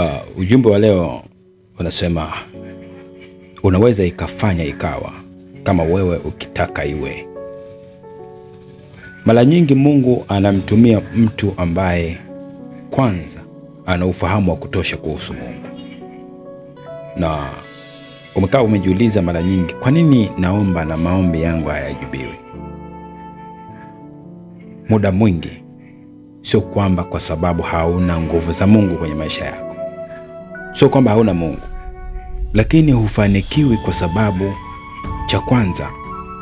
Uh, ujumbe wa leo unasema unaweza ikafanya ikawa kama wewe ukitaka iwe. Mara nyingi Mungu anamtumia mtu ambaye kwanza ana ufahamu wa kutosha kuhusu Mungu. Na umekaa umejiuliza mara nyingi, kwa nini naomba na maombi yangu hayajibiwi? Muda mwingi sio kwamba kwa sababu hauna nguvu za Mungu kwenye maisha yako sio kwamba hauna Mungu, lakini hufanikiwi kwa sababu, cha kwanza,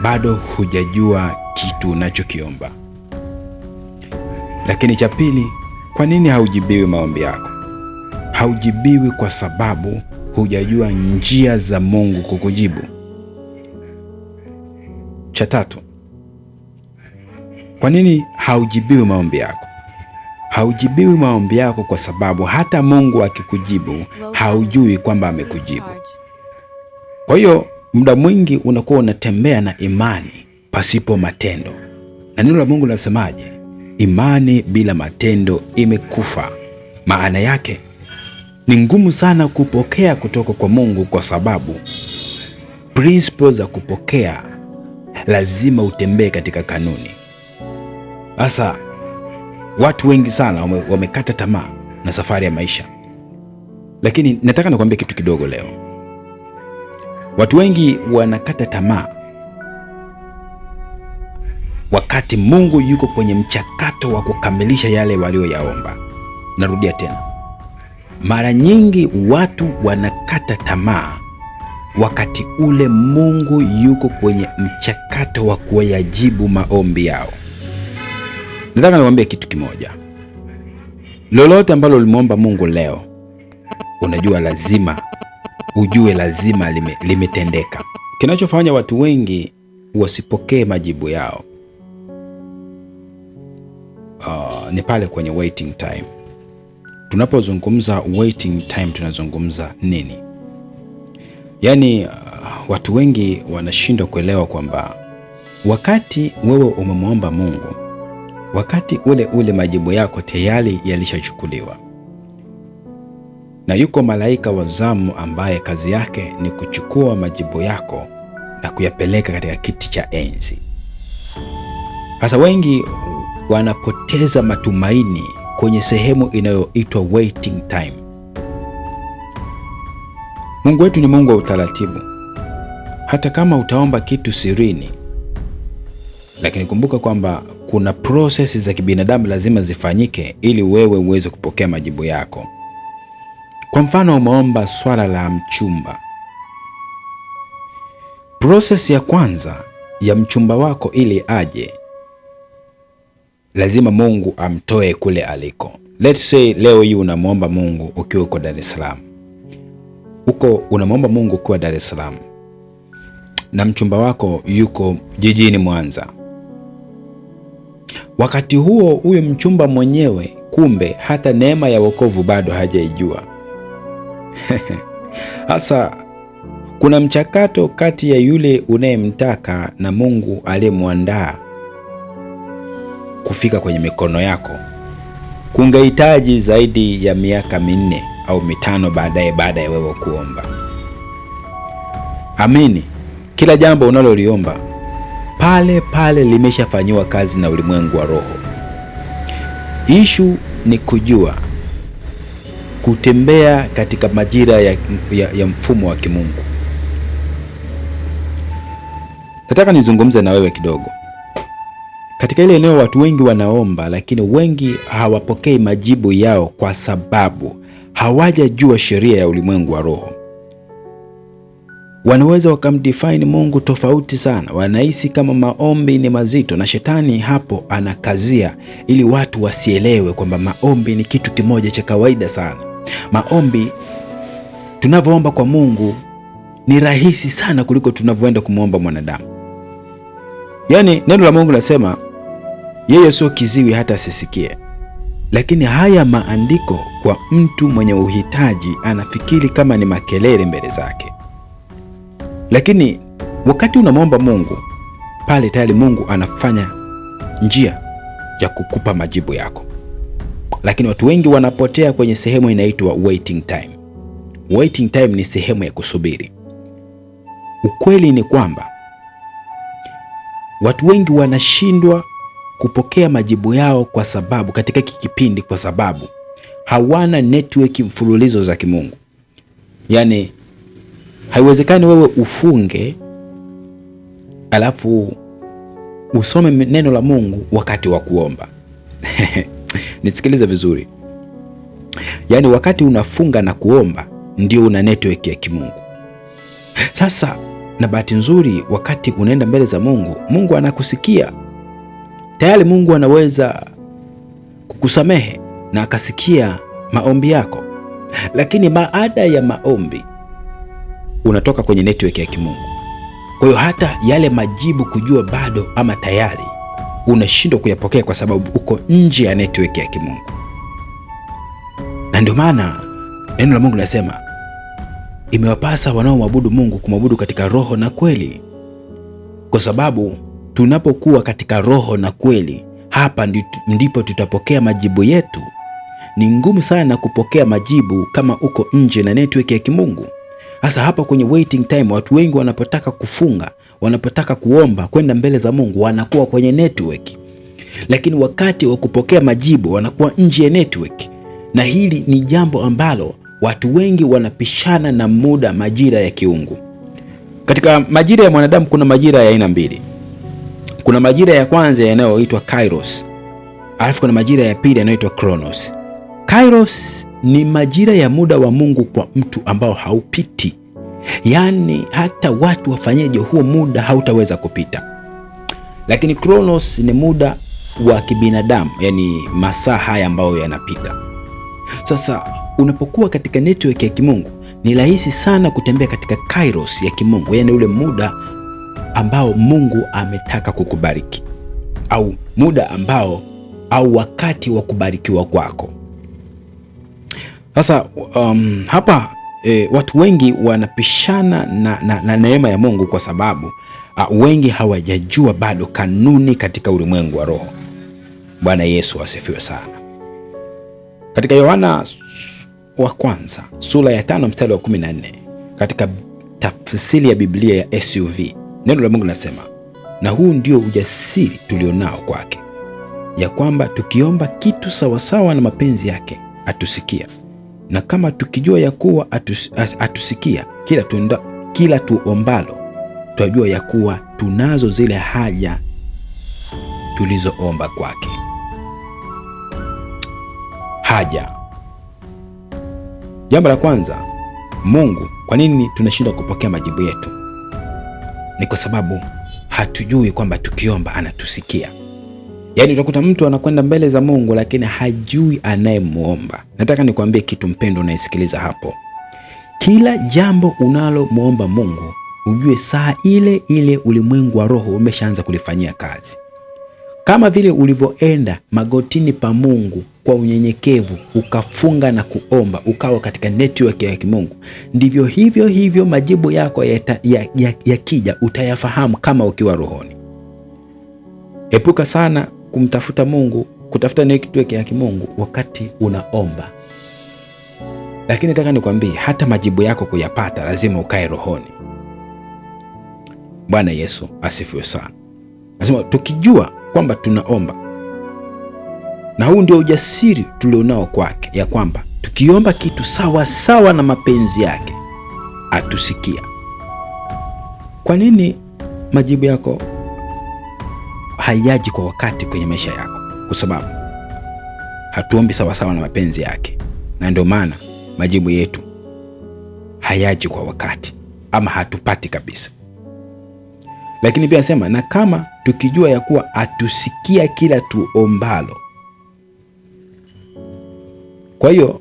bado hujajua kitu unachokiomba. Lakini cha pili, kwa nini haujibiwi maombi yako? Haujibiwi kwa sababu hujajua njia za Mungu kukujibu. Cha tatu, kwa nini haujibiwi maombi yako? haujibiwi maombi yako, kwa sababu hata Mungu akikujibu haujui kwamba amekujibu. Kwa hiyo muda mwingi unakuwa unatembea na imani pasipo matendo, na neno la Mungu linasemaje? Imani bila matendo imekufa. Maana yake ni ngumu sana kupokea kutoka kwa Mungu, kwa sababu principle za kupokea lazima utembee katika kanuni. Sasa Watu wengi sana wame, wamekata tamaa na safari ya maisha, lakini nataka nikwambie kitu kidogo leo. Watu wengi wanakata tamaa wakati Mungu yuko kwenye mchakato wa kukamilisha yale walioyaomba. Narudia tena, mara nyingi watu wanakata tamaa wakati ule Mungu yuko kwenye mchakato wa kuyajibu maombi yao. Nataka niwaambie kitu kimoja, lolote ambalo ulimwomba Mungu leo, unajua lazima ujue, lazima lime, limetendeka. Kinachofanya watu wengi wasipokee majibu yao uh, ni pale kwenye waiting time. Tunapozungumza waiting time, tunazungumza nini? Yaani uh, watu wengi wanashindwa kuelewa kwamba wakati wewe umemwomba Mungu wakati ule ule majibu yako tayari yalishachukuliwa. Na yuko malaika wa zamu ambaye kazi yake ni kuchukua majibu yako na kuyapeleka katika kiti cha enzi. Sasa wengi wanapoteza matumaini kwenye sehemu inayoitwa waiting time. Mungu wetu ni Mungu wa utaratibu. Hata kama utaomba kitu sirini, lakini kumbuka kwamba kuna prosesi za kibinadamu lazima zifanyike ili wewe uweze kupokea majibu yako. Kwa mfano, umeomba swala la mchumba. Prosesi ya kwanza ya mchumba wako ili aje, lazima Mungu amtoe kule aliko. Let's say leo hii unamwomba Mungu ukiwa uko Dar es Salaam, uko unamwomba Mungu ukiwa Dar es Salaam na mchumba wako yuko jijini Mwanza Wakati huo huyo mchumba mwenyewe kumbe hata neema ya wokovu bado hajaijua. Sasa kuna mchakato kati ya yule unayemtaka na Mungu aliyemwandaa kufika kwenye mikono yako. Kungehitaji zaidi ya miaka minne au mitano baadaye, baada ya wewe kuomba. Amini kila jambo unaloliomba pale pale limeshafanyiwa kazi na ulimwengu wa roho. Ishu ni kujua kutembea katika majira ya, ya, ya mfumo wa kimungu. Nataka nizungumze na wewe kidogo katika ile eneo. Watu wengi wanaomba, lakini wengi hawapokei majibu yao kwa sababu hawajajua sheria ya ulimwengu wa roho wanaweza wakamdefine Mungu tofauti sana. Wanahisi kama maombi ni mazito, na shetani hapo anakazia ili watu wasielewe kwamba maombi ni kitu kimoja cha kawaida sana. Maombi tunavyoomba kwa Mungu ni rahisi sana kuliko tunavyoenda kumwomba mwanadamu. Yaani neno la Mungu nasema yeye sio kiziwi hata asisikie. Lakini haya maandiko kwa mtu mwenye uhitaji anafikiri kama ni makelele mbele zake. Lakini wakati unamwomba Mungu pale, tayari Mungu anafanya njia ya kukupa majibu yako. Lakini watu wengi wanapotea kwenye sehemu inaitwa waiting time. Waiting time ni sehemu ya kusubiri. Ukweli ni kwamba watu wengi wanashindwa kupokea majibu yao kwa sababu katika hiki kipindi, kwa sababu hawana network mfululizo za kimungu, yaani Haiwezekani wewe ufunge alafu usome neno la Mungu wakati wa kuomba. Nisikilize vizuri, yaani wakati unafunga na kuomba ndio una network ya kimungu. Sasa na bahati nzuri, wakati unaenda mbele za Mungu, Mungu anakusikia tayari. Mungu anaweza kukusamehe na akasikia maombi yako, lakini baada ya maombi unatoka kwenye network ya kimungu. Kwa hiyo hata yale majibu kujua bado ama tayari unashindwa kuyapokea kwa sababu uko nje ya network ya kimungu, na ndio maana neno la Mungu linasema imewapasa wanaomwabudu Mungu kumwabudu katika roho na kweli, kwa sababu tunapokuwa katika roho na kweli, hapa ndipo tutapokea majibu yetu. Ni ngumu sana kupokea majibu kama uko nje na network ya kimungu. Sasa hapa kwenye waiting time, watu wengi wanapotaka kufunga, wanapotaka kuomba kwenda mbele za Mungu, wanakuwa kwenye network, lakini wakati wa kupokea majibu wanakuwa nje ya network, na hili ni jambo ambalo watu wengi wanapishana na muda, majira ya kiungu. Katika majira ya mwanadamu kuna majira ya aina mbili. Kuna majira ya kwanza yanayoitwa Kairos, alafu kuna majira ya pili yanayoitwa Kronos. Kairos ni majira ya muda wa Mungu kwa mtu ambao haupiti, yaani hata watu wafanyeje, huo muda hautaweza kupita. Lakini Kronos ni muda wa kibinadamu, yani masaa haya ambayo yanapita. Sasa unapokuwa katika network ya kimungu ni rahisi sana kutembea katika kairos ya kimungu, yani ule muda ambao Mungu ametaka kukubariki au muda ambao au wakati wa kubarikiwa kwako. Sasa um, hapa e, watu wengi wanapishana na, na, na neema ya Mungu kwa sababu a, wengi hawajajua bado kanuni katika ulimwengu wa roho. Bwana Yesu asifiwe sana. Katika Yohana wa kwanza sura ya tano mstari wa 14 katika tafsiri ya Biblia ya SUV neno la Mungu linasema, na huu ndio ujasiri tulionao kwake, ya kwamba tukiomba kitu sawasawa na mapenzi yake atusikia na kama tukijua ya kuwa atus, atusikia kila, tunda, kila tuombalo, twajua ya kuwa tunazo zile haja tulizoomba kwake. Haja. Jambo la kwanza, Mungu, kwa nini tunashindwa kupokea majibu yetu? Ni kwa sababu hatujui kwamba tukiomba anatusikia. Yaani utakuta mtu anakwenda mbele za Mungu lakini hajui anayemwomba. Nataka nikwambie kitu mpendo, unaisikiliza hapo. Kila jambo unalomwomba Mungu ujue saa ile ile ulimwengu wa roho umeshaanza kulifanyia kazi. Kama vile ulivyoenda magotini pa Mungu kwa unyenyekevu ukafunga na kuomba, ukawa katika network ya kimungu, ndivyo hivyo hivyo majibu yako yakija ya, ya, ya utayafahamu kama ukiwa rohoni. Epuka sana kumtafuta Mungu, kutafuta network ya kimungu wakati unaomba. Lakini nataka nikwambie, hata majibu yako kuyapata lazima ukae rohoni. Bwana Yesu asifiwe sana. Nasema tukijua kwamba tunaomba, na huu ndio ujasiri tulionao kwake, ya kwamba tukiomba kitu sawa sawa na mapenzi yake atusikia. Kwa nini majibu yako haijaji kwa wakati kwenye maisha yako, kwa sababu hatuombi sawasawa na mapenzi yake, na ndio maana majibu yetu hayaji kwa wakati ama hatupati kabisa. Lakini pia nasema, na kama tukijua ya kuwa atusikia kila tuombalo. Kwa hiyo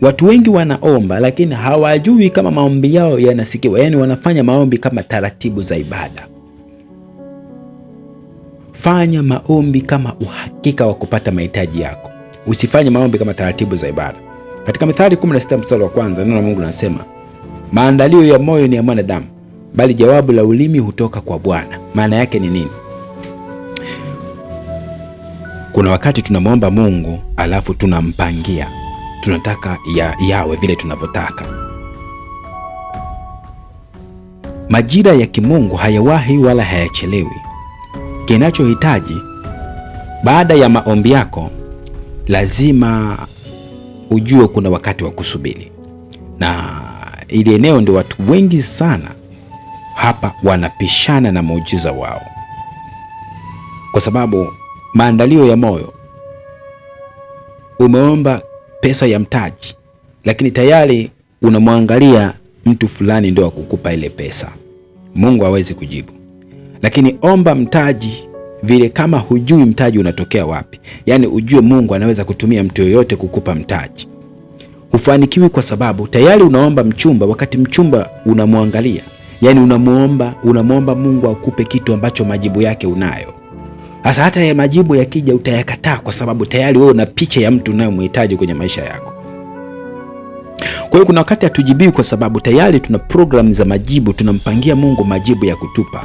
watu wengi wanaomba lakini hawajui kama maombi yao yanasikiwa, yaani wanafanya maombi kama taratibu za ibada. Fanya maombi kama uhakika wa kupata mahitaji yako, usifanye maombi kama taratibu za ibada. Katika Mithali 16 mstari wa kwanza neno la Mungu linasema, maandalio ya moyo ni ya mwanadamu, bali jawabu la ulimi hutoka kwa Bwana. Maana yake ni nini? Kuna wakati tunamwomba Mungu alafu tunampangia, tunataka ya, yawe vile tunavyotaka. Majira ya kimungu hayawahi wala hayachelewi. Kinachohitaji baada ya maombi yako, lazima ujue kuna wakati wa kusubiri, na ili eneo ndio watu wengi sana hapa wanapishana na muujiza wao, kwa sababu maandalio ya moyo, umeomba pesa ya mtaji, lakini tayari unamwangalia mtu fulani ndio akukupa ile pesa. Mungu hawezi kujibu lakini omba mtaji vile kama hujui mtaji unatokea wapi. Yaani ujue Mungu anaweza kutumia mtu yoyote kukupa mtaji. Hufanikiwi kwa sababu tayari unaomba mchumba wakati mchumba unamwangalia. Yaani unamuomba, unamuomba Mungu akupe kitu ambacho majibu yake unayo. Sasa hata ya majibu yakija utayakataa kwa sababu tayari wewe una picha ya mtu unayemhitaji kwenye maisha yako. Kwa hiyo kuna wakati hatujibiwi kwa sababu tayari tuna programu za majibu, tunampangia Mungu majibu ya kutupa.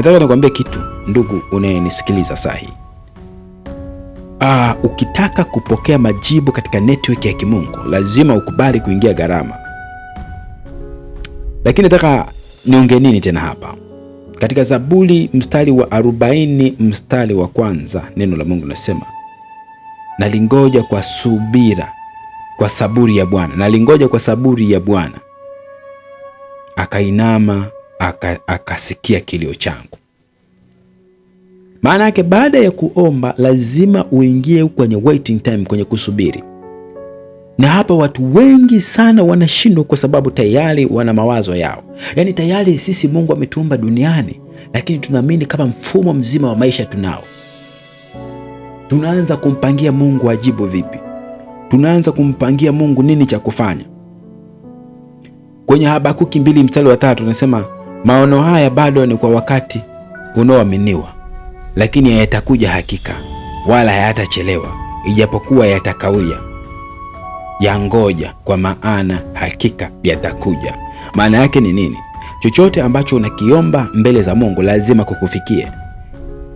Nataka nikwambie kitu ndugu unayenisikiliza saa hii. Ah, ukitaka kupokea majibu katika network ya kimungu lazima ukubali kuingia gharama. Lakini nataka niunge nini tena hapa? Katika Zaburi mstari wa 40 mstari wa kwanza neno la Mungu linasema, nalingoja kwa subira kwa saburi ya Bwana, nalingoja kwa saburi ya Bwana akainama akasikia aka kilio changu. Maana yake baada ya kuomba lazima uingie kwenye waiting time, kwenye kusubiri, na hapa watu wengi sana wanashindwa kwa sababu tayari wana mawazo yao. Yaani tayari sisi Mungu ametuumba duniani, lakini tunaamini kama mfumo mzima wa maisha tunao. Tunaanza kumpangia Mungu ajibu vipi, tunaanza kumpangia Mungu nini cha kufanya. Kwenye Habakuki mbili mstari wa tatu nasema Maono haya bado ni kwa wakati unaoaminiwa, lakini hayatakuja hakika wala hayatachelewa, ijapokuwa yatakawia. Yangoja, kwa maana hakika yatakuja. Maana yake ni nini? Chochote ambacho unakiomba mbele za Mungu lazima kukufikie.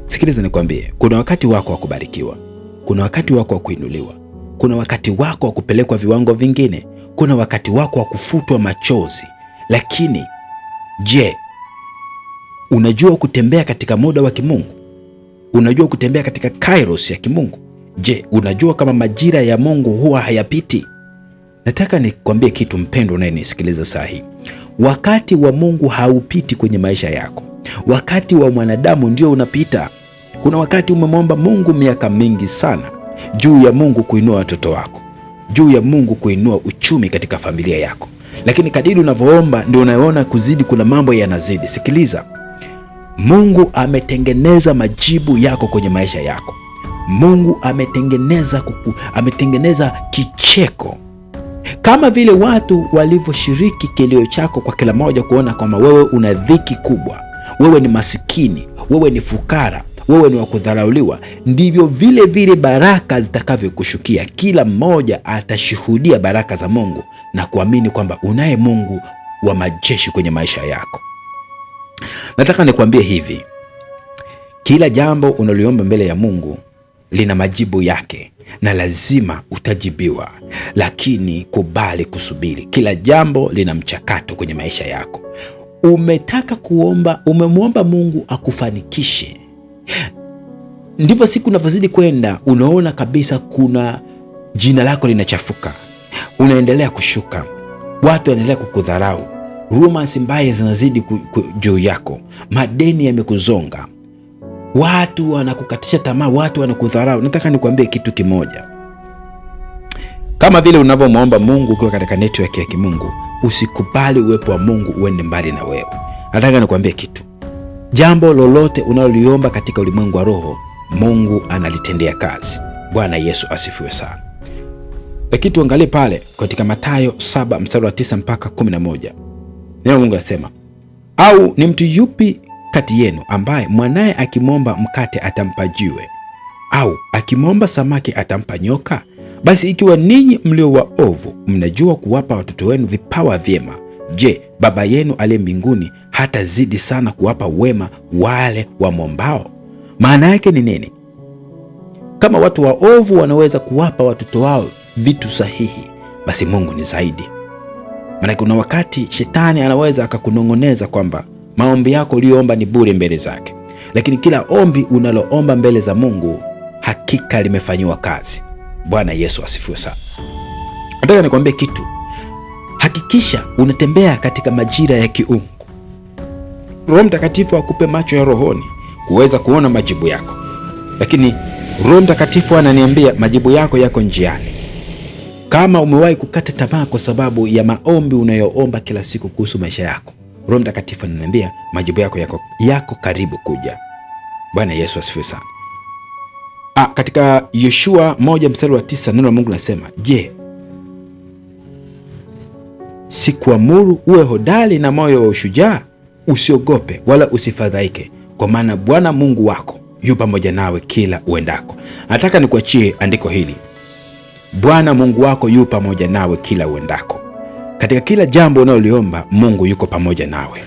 Sikiliza nikwambie, kuna wakati wako wa kubarikiwa, kuna wakati wako wa kuinuliwa, kuna wakati wako wa kupelekwa viwango vingine, kuna wakati wako wa kufutwa machozi, lakini Je, unajua kutembea katika muda wa kimungu? Unajua kutembea katika kairos ya kimungu? Je, unajua kama majira ya Mungu huwa hayapiti? Nataka nikwambie kitu mpendwa, unayenisikiliza saa hii, wakati wa Mungu haupiti kwenye maisha yako. Wakati wa mwanadamu ndio unapita. Kuna wakati umemwomba Mungu miaka mingi sana juu ya Mungu kuinua watoto wako, juu ya Mungu kuinua uchumi katika familia yako, lakini kadiri unavyoomba ndio unaona kuzidi, kuna mambo yanazidi. Sikiliza, Mungu ametengeneza majibu yako kwenye maisha yako. Mungu ametengeneza kuku, ametengeneza kicheko kama vile watu walivyoshiriki kilio chako kwa kila moja kuona kwamba wewe una dhiki kubwa, wewe ni masikini, wewe ni fukara, wewe ni wa kudharauliwa, ndivyo vile vile baraka zitakavyokushukia. Kila mmoja atashuhudia baraka za Mungu na kuamini kwamba unaye Mungu wa majeshi kwenye maisha yako. Nataka nikwambie hivi, kila jambo unaliomba mbele ya Mungu lina majibu yake na lazima utajibiwa, lakini kubali kusubiri. Kila jambo lina mchakato kwenye maisha yako. Umetaka kuomba, umemwomba Mungu akufanikishe ndivyo siku unavyozidi kwenda, unaona kabisa kuna jina lako linachafuka, unaendelea kushuka, watu wanaendelea kukudharau, rumors mbaya zinazidi juu yako, madeni yamekuzonga, watu wanakukatisha tamaa, watu wanakudharau. Nataka nikuambie kitu kimoja, kama vile unavyomwomba Mungu ukiwa katika network ya kimungu, usikubali uwepo wa Mungu uende mbali na wewe. Nataka nikuambie kitu Jambo lolote unaloliomba katika ulimwengu wa roho, Mungu analitendea kazi. Bwana Yesu asifiwe sana. Lakini tuangalie pale katika Mathayo 7 mstari wa 9 mpaka 11. Neno Mungu anasema, au ni mtu yupi kati yenu ambaye mwanaye akimwomba mkate atampa jiwe? Au akimwomba samaki atampa nyoka? Basi ikiwa ninyi mlio waovu mnajua kuwapa watoto wenu vipawa vyema Je, Baba yenu aliye mbinguni hatazidi sana kuwapa wema wale wa mwombao Maana yake ni nini? Kama watu waovu wanaweza kuwapa watoto wao vitu sahihi, basi Mungu ni zaidi. Maana kuna wakati shetani anaweza akakunong'oneza kwamba maombi yako uliyoomba ni bure mbele zake, lakini kila ombi unaloomba mbele za Mungu hakika limefanyiwa kazi. Bwana Yesu asifiwe sana. Nataka nikwambie kitu kisha unatembea katika majira ya kiungu. Roho Mtakatifu akupe macho ya rohoni kuweza kuona majibu yako, lakini Roho Mtakatifu ananiambia majibu yako yako njiani. Kama umewahi kukata tamaa kwa sababu ya maombi unayoomba kila siku kuhusu maisha yako, Roho Mtakatifu ananiambia majibu yako yako, yako karibu kuja. Bwana Yesu asifiwe sana. Ah, katika Yoshua moja mstari wa tisa neno la Mungu nasema, je, sikuamuru uwe hodari na moyo wa ushujaa? Usiogope wala usifadhaike, kwa maana Bwana Mungu wako yu pamoja nawe kila uendako. Nataka nikuachie andiko hili, Bwana Mungu wako yu pamoja nawe kila uendako. Katika kila jambo unaloliomba, Mungu yuko pamoja nawe.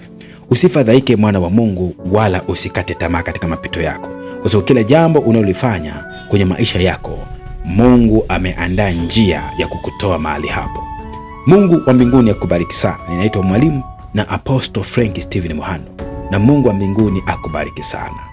Usifadhaike mwana wa Mungu, wala usikate tamaa katika mapito yako, kwa sababu kila jambo unalolifanya kwenye maisha yako, Mungu ameandaa njia ya kukutoa mahali hapo. Mungu wa mbinguni akubariki sana. Ninaitwa mwalimu na Apostle Frank Steven Muhando, na Mungu wa mbinguni akubariki sana.